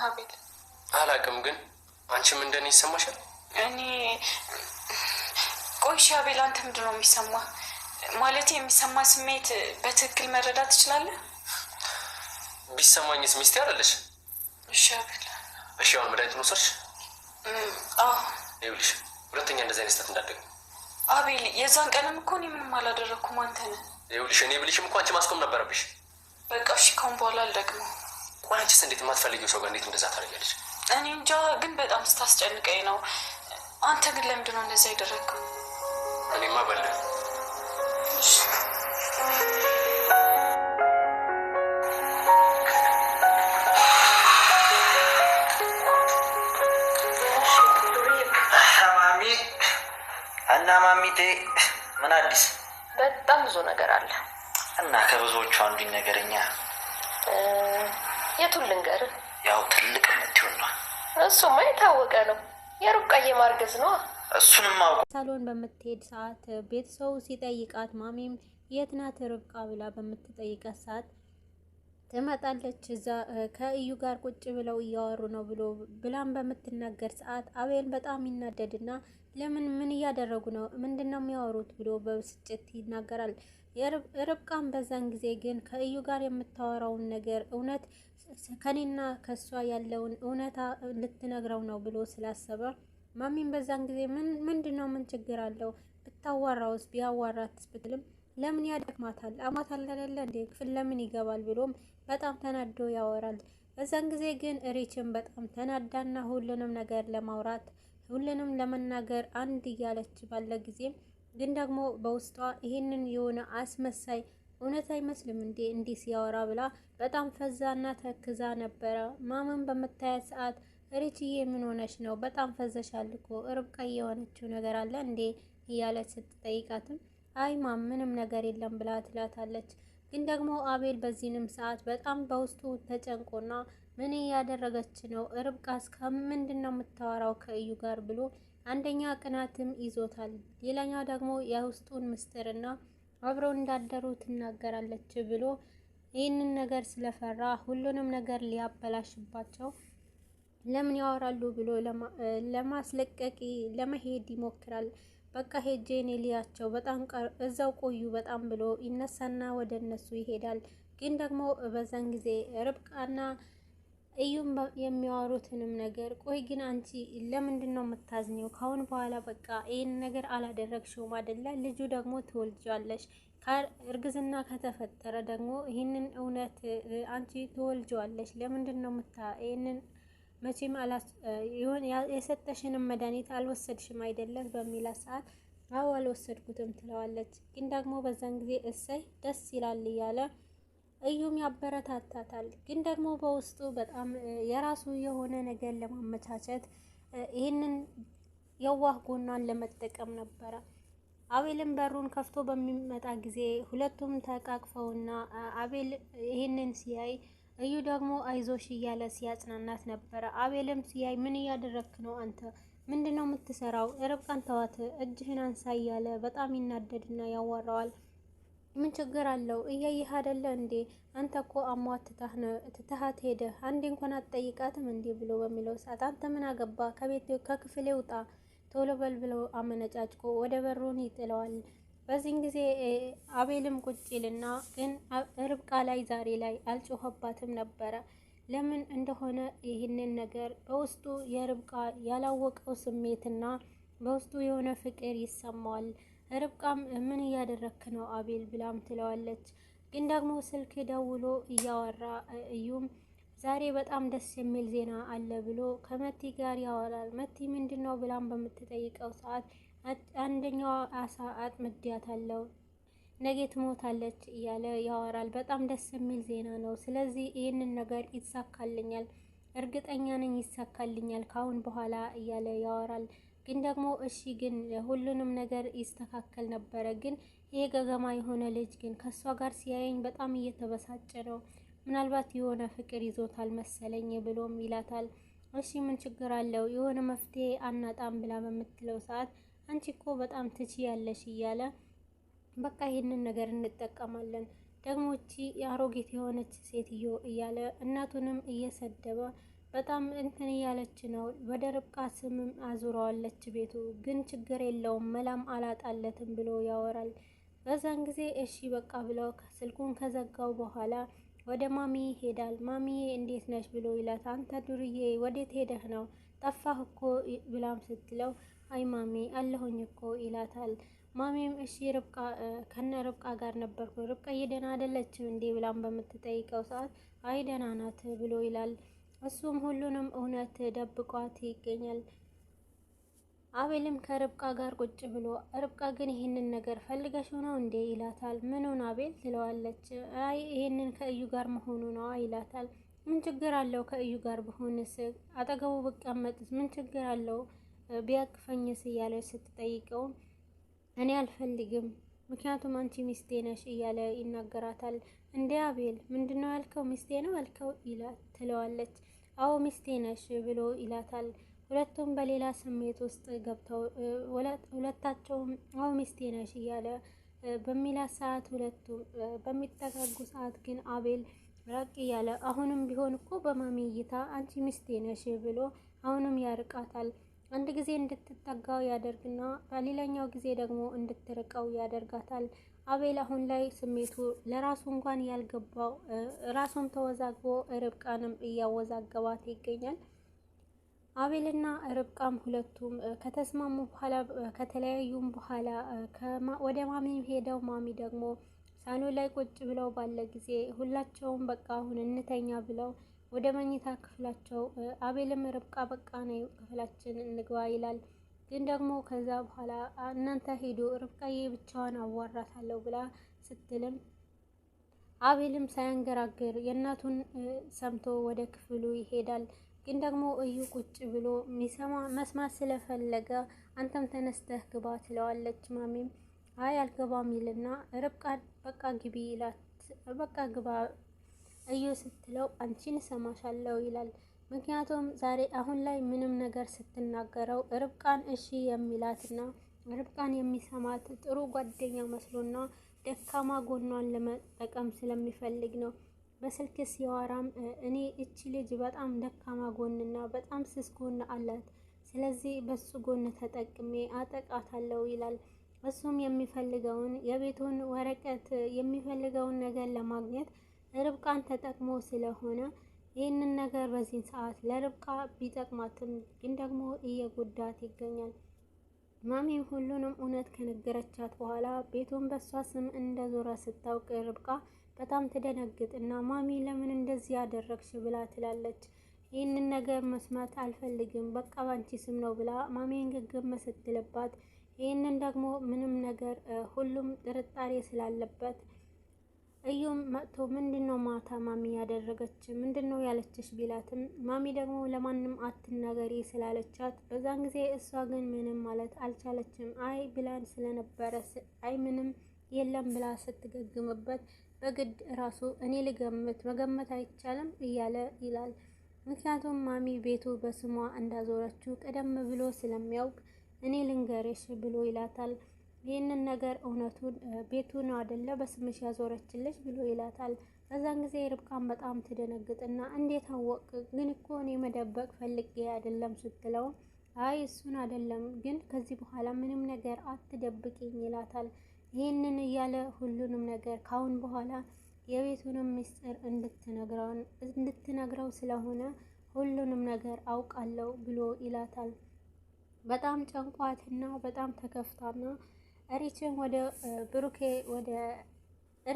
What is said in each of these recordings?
ሀቤል? አላቅም፣ ግን አንቺም እንደኔ ይሰማሻል? እኔ ቆይሽ ሀቤል፣ አንተ ምንድን ነው የሚሰማ ማለት የሚሰማ ስሜት በትክክል መረዳት ትችላለህ? ቢሰማኝስ ሚስቴ አለሽ? እሺ ሀቤል። እሺ አሁን መድኃኒቱን ወሰድሽ? አዎ። ይኸውልሽ ሁለተኛ እንደዚህ አይነት ስህተት እንዳደግ አቤል፣ የዛን ቀንም እኮ እኔ ምንም አላደረግኩም። አንተ ነህ። ይኸውልሽ እኔ ብልሽም እኮ አንቺ ማስቆም ነበረብሽ። በቃ እሺ፣ ካሁን በኋላ አልደግመው ቆይ አንቺስ እንዴት የማትፈልጊው ሰው ጋር እንዴት እንደዛ ታደርጊያለሽ? እኔ እንጃ፣ ግን በጣም ስታስጨንቀኝ ነው። አንተ ግን ለምንድን ነው እንደዛ ያደረግከው? እኔማ በለ እና ማሚቴ ምን አዲስ? በጣም ብዙ ነገር አለ እና ከብዙዎቹ አንዱኝ ነገረኛ የቱን ልንገር? ያው ትልቅ የምትሆን ነው። እሱማ የታወቀ ነው። የሩቃዬ ማርገዝ ነው። እሱንም አውቀ ሳሎን በምትሄድ ሰዓት ቤተሰቡ ሲጠይቃት ማሚም የት ናት ርብቃ ብላ በምትጠይቃት ሰዓት ትመጣለች። እዛ ከእዩ ጋር ቁጭ ብለው እያወሩ ነው ብሎ ብላም በምትናገር ሰዓት አቤል በጣም ይናደድና ለምን ምን እያደረጉ ነው ምንድን ነው የሚያወሩት ብሎ በብስጭት ይናገራል። ርብቃም በዛን ጊዜ ግን ከእዩ ጋር የምታወራውን ነገር እውነት ከኔና ከእሷ ያለውን እውነታ ልትነግረው ነው ብሎ ስላሰበ ማሚን በዛን ጊዜ ምን ነው ምን ችግር አለው ብታዋራውስ ቢያዋራትስ ብትልም ለምን ያደክማታል አማታል አይደለ እንዴ ክፍል ለምን ይገባል ብሎም በጣም ተናዶ ያወራል። በዛን ጊዜ ግን ሪችን በጣም ተናዳና ሁሉንም ነገር ለማውራት ሁሉንም ለመናገር አንድ እያለች ባለ ጊዜ ግን ደግሞ በውስጧ ይህንን የሆነ አስመሳይ እውነት አይመስልም እንዴ እንዲህ ሲያወራ ብላ በጣም ፈዛና ተክዛ ነበረ። ማመን በምታያት ሰዓት ሪችዬ ምን ሆነች ነው? በጣም ፈዘሻል እኮ ርብቃ የሆነችው ነገር አለ እንዴ እያለች ስትጠይቃትም አይ ማም ምንም ነገር የለም ብላ ትላታለች። ግን ደግሞ አቤል በዚህንም ሰዓት በጣም በውስጡ ተጨንቆና ምን እያደረገች ነው እስከ ምንድን ነው የምታወራው ከእዩ ጋር ብሎ አንደኛ ቅናትም ይዞታል፣ ሌላኛው ደግሞ የውስጡን ምስጢርና አብረው እንዳደሩ ትናገራለች ብሎ ይህንን ነገር ስለፈራ ሁሉንም ነገር ሊያበላሽባቸው ለምን ያወራሉ ብሎ ለማስለቀቅ ለመሄድ ይሞክራል። በቃ ሄጄ እኔ ልያቸው በጣም እዛው ቆዩ በጣም ብሎ ይነሳና ወደ እነሱ ይሄዳል። ግን ደግሞ በዛን ጊዜ ርብቃና እዩም የሚያወሩትንም ነገር ቆይ ግን አንቺ ለምንድን ነው የምታዝኘው? ካሁን በኋላ በቃ ይህን ነገር አላደረግሽውም አደለ? ልጁ ደግሞ ትወልጃለሽ። እርግዝና ከተፈጠረ ደግሞ ይህንን እውነት አንቺ ትወልጃለሽ። ለምንድን ነው ምታ ይህንን መቼም የሰጠሽንም መድኃኒት አልወሰድሽም አይደለም በሚላ ሰዓት አዎ አልወሰድኩትም ትለዋለች። ግን ደግሞ በዛን ጊዜ እሰይ ደስ ይላል እያለ እዩም ያበረታታታል። ግን ደግሞ በውስጡ በጣም የራሱ የሆነ ነገር ለማመቻቸት ይህንን የዋህ ጎኗን ለመጠቀም ነበረ። አቤልን በሩን ከፍቶ በሚመጣ ጊዜ ሁለቱም ተቃቅፈውና አቤል ይህንን ሲያይ እዩ ደግሞ አይዞሽ እያለ ሲያጽናናት ነበረ። አቤልም ሲያይ ምን እያደረግክ ነው አንተ? ምንድን ነው የምትሰራው? ርብቃን ተዋት፣ እጅህን አንሳ እያለ በጣም ይናደድና ያዋራዋል። ምን ችግር አለው? እያየህ አይደለ እንዴ? አንተ እኮ አሟት ትተሃት ሄደ አንዴ እንኳን አትጠይቃትም እንዴ ብሎ በሚለው ሰዓት አንተ ምን አገባ ከቤት ከክፍሌ ውጣ ቶሎ በል ብሎ አመነጫጭቆ ወደ በሩን ይጥለዋል። በዚህን ጊዜ አቤልም ቁጭ ይልና ግን ርብቃ ላይ ዛሬ ላይ አልጮኸባትም ነበረ። ለምን እንደሆነ ይህንን ነገር በውስጡ የርብቃ ያላወቀው ስሜትና በውስጡ የሆነ ፍቅር ይሰማዋል። ርብቃም ምን እያደረክ ነው አቤል ብላም ትለዋለች። ግን ደግሞ ስልክ ደውሎ እያወራ እዩም ዛሬ በጣም ደስ የሚል ዜና አለ ብሎ ከመቲ ጋር ያወራል። መቲ ምንድን ነው ብላም በምትጠይቀው ሰዓት አንደኛው አሳ አጥምጃት አለው ነገ ትሞታለች እያለ ያወራል። በጣም ደስ የሚል ዜና ነው። ስለዚህ ይህንን ነገር ይሳካልኛል፣ እርግጠኛ ነኝ ይሳካልኛል ከአሁን በኋላ እያለ ያወራል። ግን ደግሞ እሺ ግን ሁሉንም ነገር ይስተካከል ነበረ። ግን ይሄ ገገማ የሆነ ልጅ ግን ከእሷ ጋር ሲያየኝ በጣም እየተበሳጨ ነው። ምናልባት የሆነ ፍቅር ይዞታል መሰለኝ ብሎም ይላታል። እሺ ምን ችግር አለው? የሆነ መፍትሄ አናጣም ብላ በምትለው ሰዓት አንቺ እኮ በጣም ትቺ ያለሽ እያለ በቃ ይህንን ነገር እንጠቀማለን ደግሞ እቺ የአሮጌት የሆነች ሴትዮ እያለ እናቱንም እየሰደበ በጣም እንትን እያለች ነው። ወደ ርብቃ ስምም አዙረዋለች ቤቱ ግን ችግር የለውም መላም አላጣለትም ብሎ ያወራል። በዛን ጊዜ እሺ በቃ ብለው ስልኩን ከዘጋው በኋላ ወደ ማሚ ይሄዳል። ማሚዬ እንዴት ነሽ ብሎ ይላት። አንተ ዱርዬ ወዴት ሄደህ ነው ጠፋህ እኮ ብላም ስትለው አይ ማሚ አለሁኝ እኮ ይላታል። ማሚም እሺ ርብቃ ከነ ርብቃ ጋር ነበርኩ ርብቃ እየደና አይደለችም እንዴ ብላም በምትጠይቀው ሰዓት አይ ደህና ናት ብሎ ይላል። እሱም ሁሉንም እውነት ደብቋት ይገኛል። አቤልም ከርብቃ ጋር ቁጭ ብሎ ርብቃ ግን ይህንን ነገር ፈልገሽ ነው እንዴ ይላታል። ምኑን አቤል ትለዋለች። አይ ይህንን ከእዩ ጋር መሆኑ ነዋ ይላታል። ምን ችግር አለው ከእዩ ጋር ብሆንስ? አጠገቡ ብቀመጥስ? ምን ችግር አለው ቢያቅፈኝስ? እያለ ስትጠይቀው እኔ አልፈልግም ምክንያቱም አንቺ ሚስቴ ነሽ እያለ ይናገራታል። እንዴ አቤል ምንድነው ያልከው? ሚስቴ ነው ያልከው? ይላል ትለዋለች። አዎ ሚስቴ ነሽ ብሎ ይላታል። ሁለቱም በሌላ ስሜት ውስጥ ገብተው ሁለታቸውም አዎ ሚስቴ ነሽ እያለ በሚላ ሰዓት ሁለቱም በሚጠጋጉ ሰዓት ግን አቤል ራቅ እያለ አሁንም ቢሆን እኮ በማሚ እይታ አንቺ ሚስቴ ነሽ ብሎ አሁንም ያርቃታል። አንድ ጊዜ እንድትጠጋው ያደርግና በሌላኛው ጊዜ ደግሞ እንድትርቀው ያደርጋታል። አቤል አሁን ላይ ስሜቱ ለራሱ እንኳን ያልገባው ራሱን ተወዛግቦ ርብቃንም እያወዛገባት ይገኛል። አቤልና ርብቃም ሁለቱም ከተስማሙ በኋላ ከተለያዩም በኋላ ወደ ማሚ ሄደው ማሚ ደግሞ ሳሎን ላይ ቁጭ ብለው ባለ ጊዜ ሁላቸውም በቃ አሁን እንተኛ ብለው ወደ መኝታ ክፍላቸው አቤልም ርብቃ በቃ ነው ክፍላችን እንግባ ይላል። ግን ደግሞ ከዛ በኋላ እናንተ ሄዱ ርብቃዬ ብቻዋን አዋራታለሁ ብላ ስትልም አቤልም ሳያንገራግር የእናቱን ሰምቶ ወደ ክፍሉ ይሄዳል። ግን ደግሞ እዩ ቁጭ ብሎ ሚሰማ መስማት ስለፈለገ አንተም ተነስተህ ግባ ትለዋለች። ማሚም አይ አልገባም ይልና ርብቃ በቃ ግቢ ይላት በቃ ግባ እዩ ስትለው አንቺን እሰማሻለሁ ይላል። ምክንያቱም ዛሬ አሁን ላይ ምንም ነገር ስትናገረው ርብቃን እሺ የሚላትና ርብቃን የሚሰማት ጥሩ ጓደኛ መስሎና ደካማ ጎኗን ለመጠቀም ስለሚፈልግ ነው። በስልክ ሲያወራም እኔ እቺ ልጅ በጣም ደካማ ጎንና በጣም ስስ ጎን አላት፣ ስለዚህ በሱ ጎን ተጠቅሜ አጠቃታለሁ ይላል። እሱም የሚፈልገውን የቤቱን ወረቀት የሚፈልገውን ነገር ለማግኘት ርብቃን ተጠቅሞ ስለሆነ ይህንን ነገር በዚህን ሰዓት ለርብቃ ቢጠቅማትም ግን ደግሞ እየጎዳት ይገኛል። ማሚ ሁሉንም እውነት ከነገረቻት በኋላ ቤቱን በእሷ ስም እንደዞረ ስታውቅ ርብቃ በጣም ትደነግጥ እና ማሚ ለምን እንደዚህ ያደረግሽ ብላ ትላለች። ይህንን ነገር መስማት አልፈልግም፣ በቃ ባንቺ ስም ነው ብላ ማሚን ግግም ስትልባት ይህንን ደግሞ ምንም ነገር ሁሉም ጥርጣሬ ስላለበት እዩም መጥቶ ምንድን ነው ማታ ማሚ ያደረገች ምንድን ነው ያለችሽ ቢላትም ማሚ ደግሞ ለማንም አትናገሪ ስላለቻት በዛን ጊዜ እሷ ግን ምንም ማለት አልቻለችም። አይ ብላን ስለነበረ አይ ምንም የለም ብላ ስትገግምበት በግድ ራሱ እኔ ልገምት መገመት አይቻልም እያለ ይላል። ምክንያቱም ማሚ ቤቱ በስሟ እንዳዞረችው ቀደም ብሎ ስለሚያውቅ እኔ ልንገርሽ ብሎ ይላታል። ይህንን ነገር እውነቱን ቤቱን አደለ በስምሽ ያዞረችልሽ ብሎ ይላታል። በዛን ጊዜ ርብቃን በጣም ትደነግጥና እንዴት አወቅ ግን እኮ እኔ መደበቅ ፈልጌ አይደለም ስትለው አይ እሱን አይደለም ግን ከዚህ በኋላ ምንም ነገር አትደብቅኝ ይላታል። ይህንን እያለ ሁሉንም ነገር ካሁን በኋላ የቤቱንም ምስጢር እንድትነግረው ስለሆነ ሁሉንም ነገር አውቃለሁ ብሎ ይላታል። በጣም ጨንቋትና በጣም ተከፍታና ሪችን ወደ ብሩኬ ወደ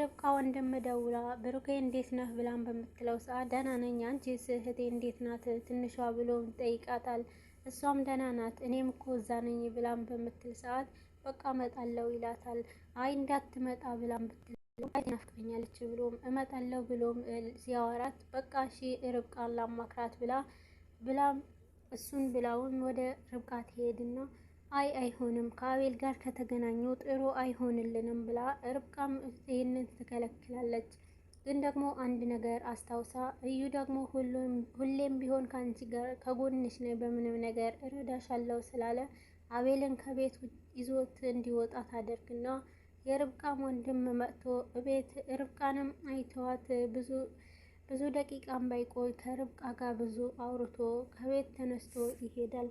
ርብቃ ወንድም ደውላ ብሩኬ እንዴት ነህ ብላን በምትለው ሰዓት ደህና ነኝ፣ አንቺ እህቴ እንዴት ናት ትንሿ ብሎ ጠይቃታል። እሷም ደህና ናት፣ እኔም እኮ እዛ ነኝ ብላን በምትል ሰዓት በቃ እመጣለሁ ይላታል። አይ እንዳትመጣ ብላን ብትለው አይ ትናፍቀኛለች ብሎም እመጣለሁ ብሎም ሲያወራት በቃ እሺ ርብቃን ላማክራት ብላ ብላም እሱን ብላውን ወደ ርብቃ ትሄድና አይ አይሆንም፣ ከአቤል ጋር ከተገናኙ ጥሩ አይሆንልንም ብላ ርብቃም ይህንን ትከለክላለች። ግን ደግሞ አንድ ነገር አስታውሳ እዩ ደግሞ ሁሌም ቢሆን ከአንቺ ጋር ከጎንሽ ነኝ፣ በምንም ነገር እረዳሻለሁ ስላለ አቤልን ከቤት ይዞት እንዲወጣ ታደርግና የርብቃም ወንድም መጥቶ እቤት ርብቃንም አይተዋት ብዙ ብዙ ደቂቃም ባይቆይ ከርብቃ ጋር ብዙ አውርቶ ከቤት ተነስቶ ይሄዳል።